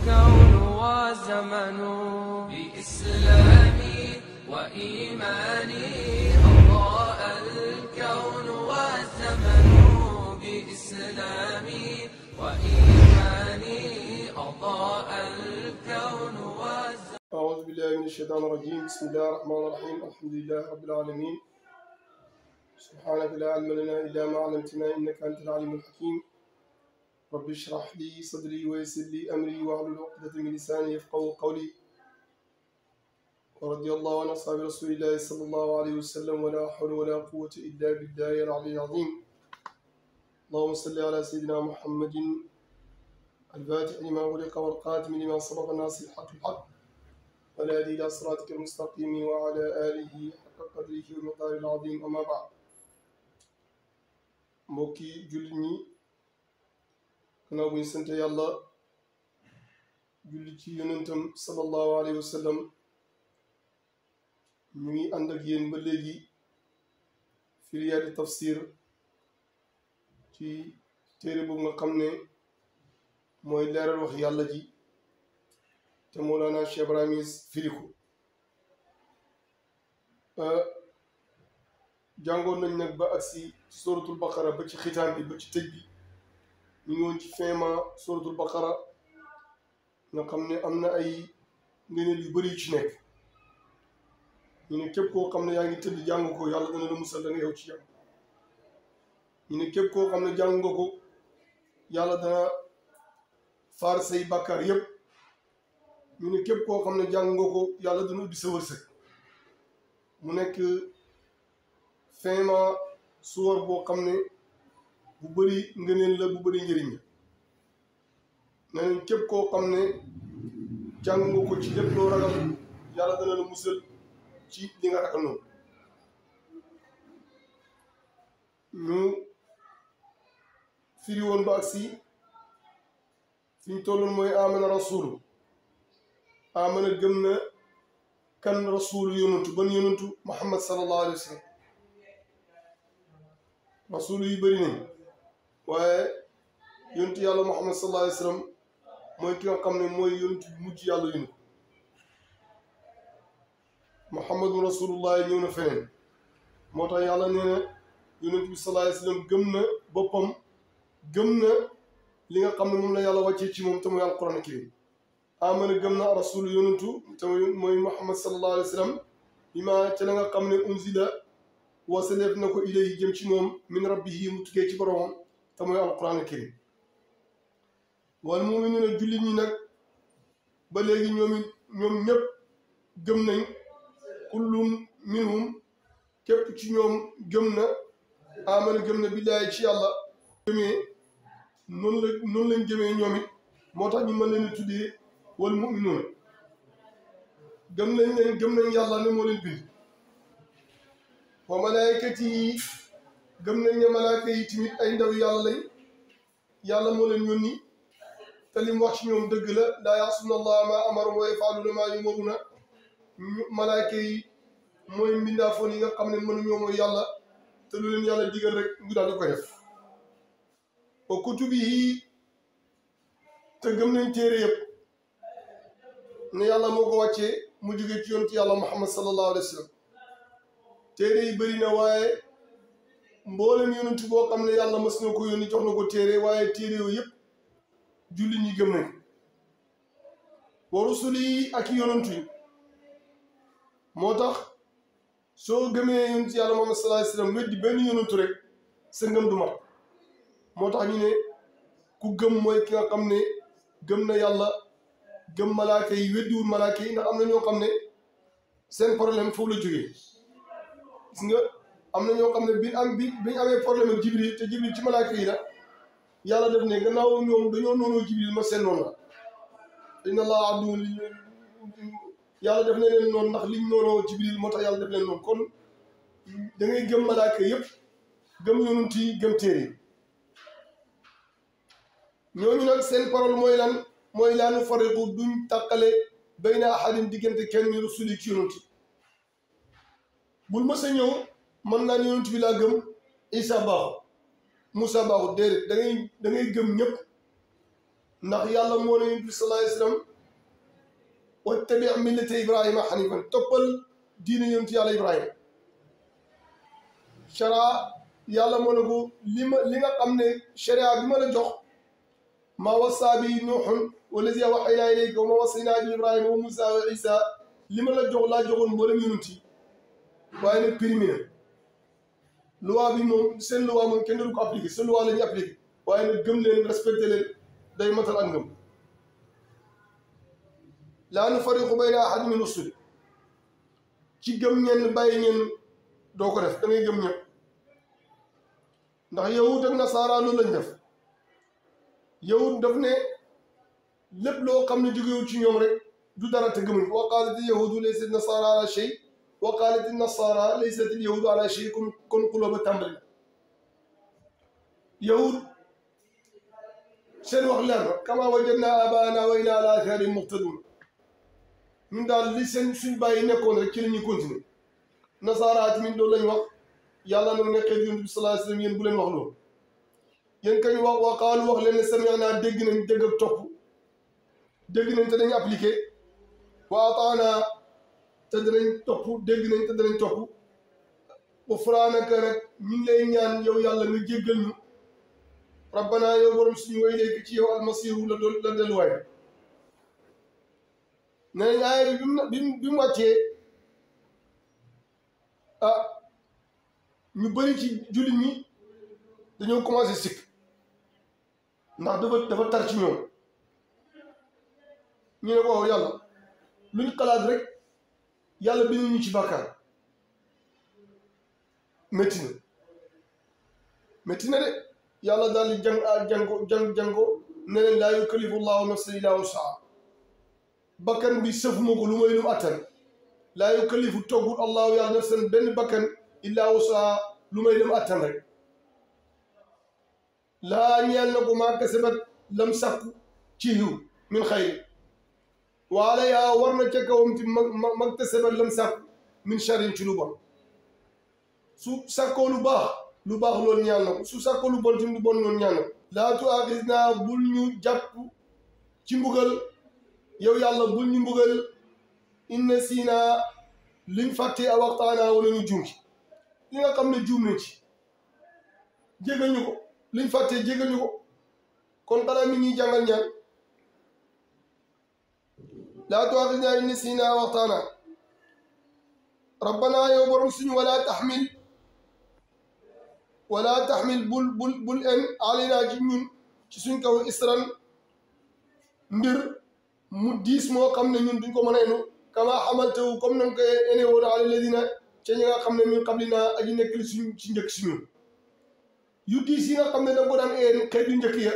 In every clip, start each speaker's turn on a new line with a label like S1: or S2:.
S1: الكون وزمن بإسلامي وإيماني أضاء الكون والزمن بإسلامي وإيماني أضاء الكون والزمن أعوذ بالله من الشيطان الرجيم بسم الله الرحمن الرحيم الحمد لله رب العالمين سبحانك لا علم لنا إلا ما علمتنا إنك أنت العليم الحكيم rabbi shrah li sadri wa yassir li amri wahlul uqdatan min lisani yafqahu qawli ورضي الله عن أصحاب رسول الله صلى الله عليه وسلم ولا حول ولا قوة إلا بالله العلي العظيم اللهم صل على سيدنا محمد الفاتح لما أغلق والقاتم لما سبق الناس الحق الحق والهادي إلى صراطك المستقيم وعلى آله حق قدره ومقداره العظيم أما بعد mbokki jullit ñi gannaaw buñ sant yàlla julli ci yonentam sallallahu alayhi wa sallam ñu ngi ànd ak yéen ba léegi fi ci téere boobu nga xam ne mooy leeral wax yàlla ji te Mawlana Cheikh Ibrahim firiku euh, jàngoon nañ nag ba agsi si baqara ba ci xitaan bi ba ñu ngi woon ci finma suratul baqara nga xam ne am na ay ngëneel yu bëri yu ci ne képp koo xam ne yaa ngi tëdd jàng ko dana la musal da ci jàng ñu ne képp koo xam ne jàng nga yàlla dana faar say bàkkaar yépp ñu ne képp koo xam ne jàng nga yàlla dana ubbi sa wërsëg mu nekk finma suwar boo xam ne bu bëri ngëneen la bu bëri njëriñ la képp koo xam ne jàng nga ko ci lépp loo ragal yàlla dana la musal ci li nga ragal noonu ñu firi woon ba si fi ñu tolloon mooy amana rasulu amana gëm na kan rasulu yonantu ban yonantu muhammad sallallahu alayhi wa sallam rasulu yu bëri nañ waaye yontu yàlla Muhammad sallallahu alayhi wa mooy ki nga xam ne mooy yontu mujj yàlla yu nit Muhammadu rasulullahi ñëw na feneen moo tax yàlla nee na yonent bi gëm na boppam gëm na li nga xam ne moom la yàlla wàccee ci moom te muy alquran karim amana gëm na rasul yonentu te mooy Muhammad sallallahu alayhi wa sallam ima ca la nga xam ne unzila wasaleef na ko ilayhi jëm ci moom min rabbihi mu tukkee ci boromam te mooy alquran karim wal mu'minuuna jullit ñi nag ba léegi ñoom it ñëpp gëm nañ kullum minhum képp ci ñoom gëm na amal gëm na billaahi ci yàlla gëmee noonu la noonu lañ gëmee ñoom moo tax ñu mën leen tuddee wal mu'minuuna gëm nañ leen gëm nañ yàlla ne moo leen bind wa malaayikati yi gëm nañ ne malaaka tamit ay ndaw yàlla lañ yàlla moo leen yónni te li wax ci ñoom dëgg la laa yaasuna allaha maa amaru wa yafaaluna maa yumaruna malaaka yi mooy mbindaafoon yi nga xam ne mënuñoo mooy yàlla te lu leen yàlla digal rek ñu daal di ko def wa kutubihi te gëm nañ téere yëpp yàlla moo ko wàccee mu jóge ci yoon ci yàlla muhammad sallallahu alayhi waaye mboole mboolem yonent boo xam ne yàlla mas na ko yónni jox na ko téere waaye téere yooyu yëpp julli ñi gëm nañ wa rusul yi ak moo tax soo gëmee yonent yàlla moom sallallahu alayhi wasallam weddi benn yonent rek sa ngëm du mat moo tax ñu ne ku gëm mooy ki nga xam ne gëm na yàlla gëm malaaka yi weddiwul malaaka yi ndax am na ñoo xam ne seen problème foofu la jógee am na ñoo xam ne bi am bi bi ñu amee problème ak jibril te jibril ci malaaka yi la yàlla def ne gannaaw ñoom dañoo noonoo jibril ma seen noonu la inna allah abdu li yàlla def ne leen noonu ndax liñ noonoo jibril moo tax yàlla def leen noonu kon da ngay gëm yëpp gëm yonent yi gëm téere ñooñu nag seen parole mooy lan mooy laa nufarriqu duñ tàqale bayna ahadin diggante kenn ñu rusuli ci yonent bul mës man naa yonent bi laa gëm Isa baaxu Moussa baaxu déedéet da ngay da ngay gëm ñëpp ndax yàlla moo ne yonent bi sallallahu alayhi wa sallam wattabi millata Ibrahima hanifan toppal diine yonent yàlla Ibrahima sharaa yàlla moo ne ko li ma li nga xam ne sharia bi ma la jox maa wasaa bi nuuxun wallazi awhaynaa ilayka wa maa wasaynaa bi Ibrahima wa Moussa wa Isa li ma la jox laa joxoon mboolem yonent yi waaye loi bi moom seen loi moom kenn du ko appliqué seen waaye nag gëm leen respecté leen day matal ak ngëm laa nufarriqu bayna ahadin min rusuli ci gëm ñenn bàyyi ñenn doo ko def da gëm ñëpp ndax yahud ak nasaara loolu lañ def yahud daf ne lépp loo xam ne jógewul ci ñoom rek du dara te gëmuñ wa qaalat yahudu laysat nasaara ala shay wa qaalat nasara laysat al yahud ala shay kon kon quluba tamrin yahud seen wax leer na kama wajadna abaana wa inna ci la ñuy continuer nasara lañ wax yàlla nag ne xeet bu leen wax loolu yéen kañ wax dégg nañ dégg ak topp dégg nañ te dañ appliqué wa ataana te danañ topp dégg nañ te danañ topp ba faraanaka nag ñu ngi lay ñaan yow yàlla nga jéggal ñu rabbanaa yow borom suñu way léegi ci yow almasiihu la doon la delluwaay nee nañ aaya bi mu bi mu ah, ñu bëri ci jullit ñi dañoo commencé sikk ndax dafa dafa tar ñoom ñu ne ko waaw yàlla luñ xalaat rek. yàlla bind ñu ci bàkkaar métti na métti na de yàlla daal di jàng a jàngo jàng jàngo ne leen laa yukallifu bakkan bi sëfuma ko lu may lu attan laa yukallifu toggul allahu yàlla nafsan benn bakkan illaa wusahaa lu may dem attan rek laa ñeel na ko maa kasabat lam sàkku ci yiw min xayri wa war na ca kawam ci mag mag mag te sebet lam sàkk min charin ci lu bon su sàkkoo lu baax lu baax loolu ñaan su sàkkoo lu bon tim lu bon loolu ñaan na ko laa tu'aaxisnaa bul ñu jàpp ci mbugal yow yàlla bul ñu mbugal inna siinaa liñ fàtte a waxtaanaa wala ñu juum ci li nga xam ne juum nañ ci ko liñ fàtte jégal ñu kon balaa mi ñuy jàngal ñaan laa tuwaaxidnaa in nasiinaa wa axtaanaa rabbanaa yow borom suñu wala taxmil wala taxmil bul bul en alayna ci ñun ci suñ kaw isran ndir mu diis moo xam ne ñun duñ ko mën a enu kamaa xamaltawu comme nanga ko ene woon ala ladina ca ñi nga xam ne min qablinaa aji nekk li ci njëkk si ñun yu diis yi nga xam ne da nga ko daan en xëy du njëkk ya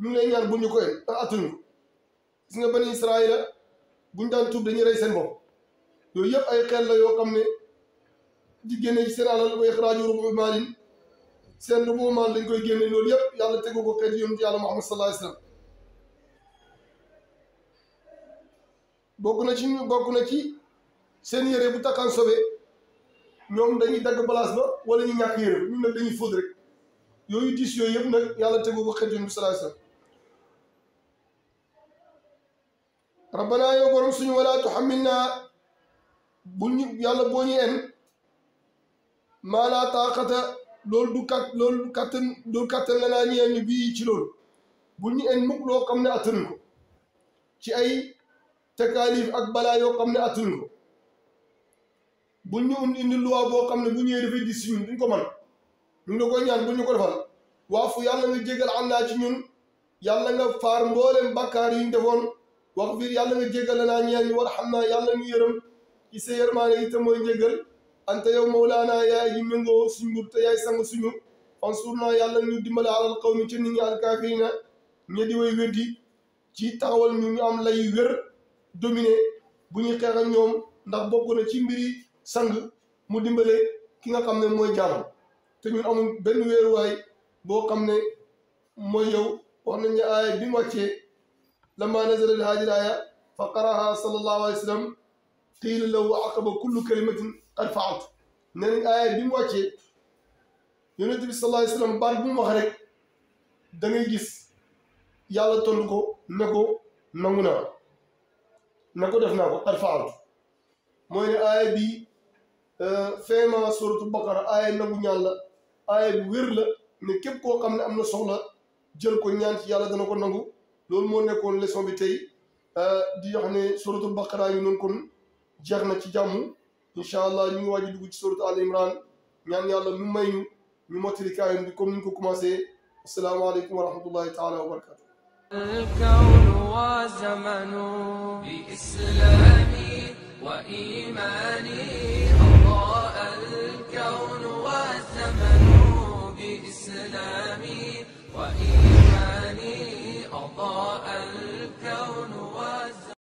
S1: ñu ñaan bu ko en ndax atuñu gis buñ daan tuub dañuy rey seen bopp yooyu yëpp ay xel la yoo xam ne di génne ci seen alal way xaraaju rubu maalin seen rubu maal dañ koy génne loolu yëpp yàlla tegu ko xeet yonent yàlla Muhammad sallallahu alayhi na ci bokk na ci seen yére bu takkaan sobe ñoom dañuy dagg balaas ba wala ñu ñàkk yére ñun nag dañuy fóot rek yooyu diis yooyu yëpp nag yàlla tegu ko xeet yonent bi sallallahu alayhi rabbanaa yow suñu wala tuhammilnaa bul ñu yàlla boo ñu en maa laa taaqata loolu du kat loolu du kattan loolu ci loolu bul ñu en mukk loo xam ne attanu ko ci ay takaalif ak balaa yoo xam ne attanu ko bul ñu indi luwaa boo xam ne bu ñëwee si ñun duñ ko mën ñu ngi la koy ñaan bul ñu ko defal waafu yàlla nga jégal am naa ci ñun yàlla nga faar mboolem bàkkaar yi defoon wax fiir yàlla nga jéggale naa ñeel ñu war xam na yàlla ñu yërëm ci sa yërmaane yi te mooy njéggal anta yow mawlaanaa yaay ji méngoo suñ mbur te yaay sang suñu fansur naa yàlla ñu dimbale alal xaw mi ci nit ñi alkaafirina ñe di way weddi ci taxawal ñu ñu am lay wér dominé bu ñuy xeex ak ñoom ndax bokk na ci mbiri sang mu dimbale ki nga xam ne mooy jaanam te ñun amul benn wéeruwaay boo xam ne mooy yow nañ ne aaya bi mu لما نزل بهذه الآية فقرأها صلى الله عليه وسلم قيل له عقب كل كلمة قد فعلت نن آية بيم واتي يونس بي صلى الله عليه وسلم بار بوم واخ gis yàlla tontu ko ne ko nangu naa na ko def naa ko qad faaltu mooy ne aaya bi euh, feema suratu baqara aaya nangu ñaan la aaya bi wér la ne képp koo xam ne am na soxla jël ko ñaan ci yàlla dana ko nangu loolu moo nekkoon leçon bi tey euh, di wax ne suratul baqara yi noonu kon jeex na ci jàmm incha allah ñu ngi waaj a dugg ci suratu al imran ñaan yàlla mu may ñu ñu mottali kaayam bi comme ni ñu ko commencé asalaamaaleykum wa rahmatullahi taala wa barakatu الكون وزمن بإسلامي وإيماني أضاء الكون وزمن بإسلامي أن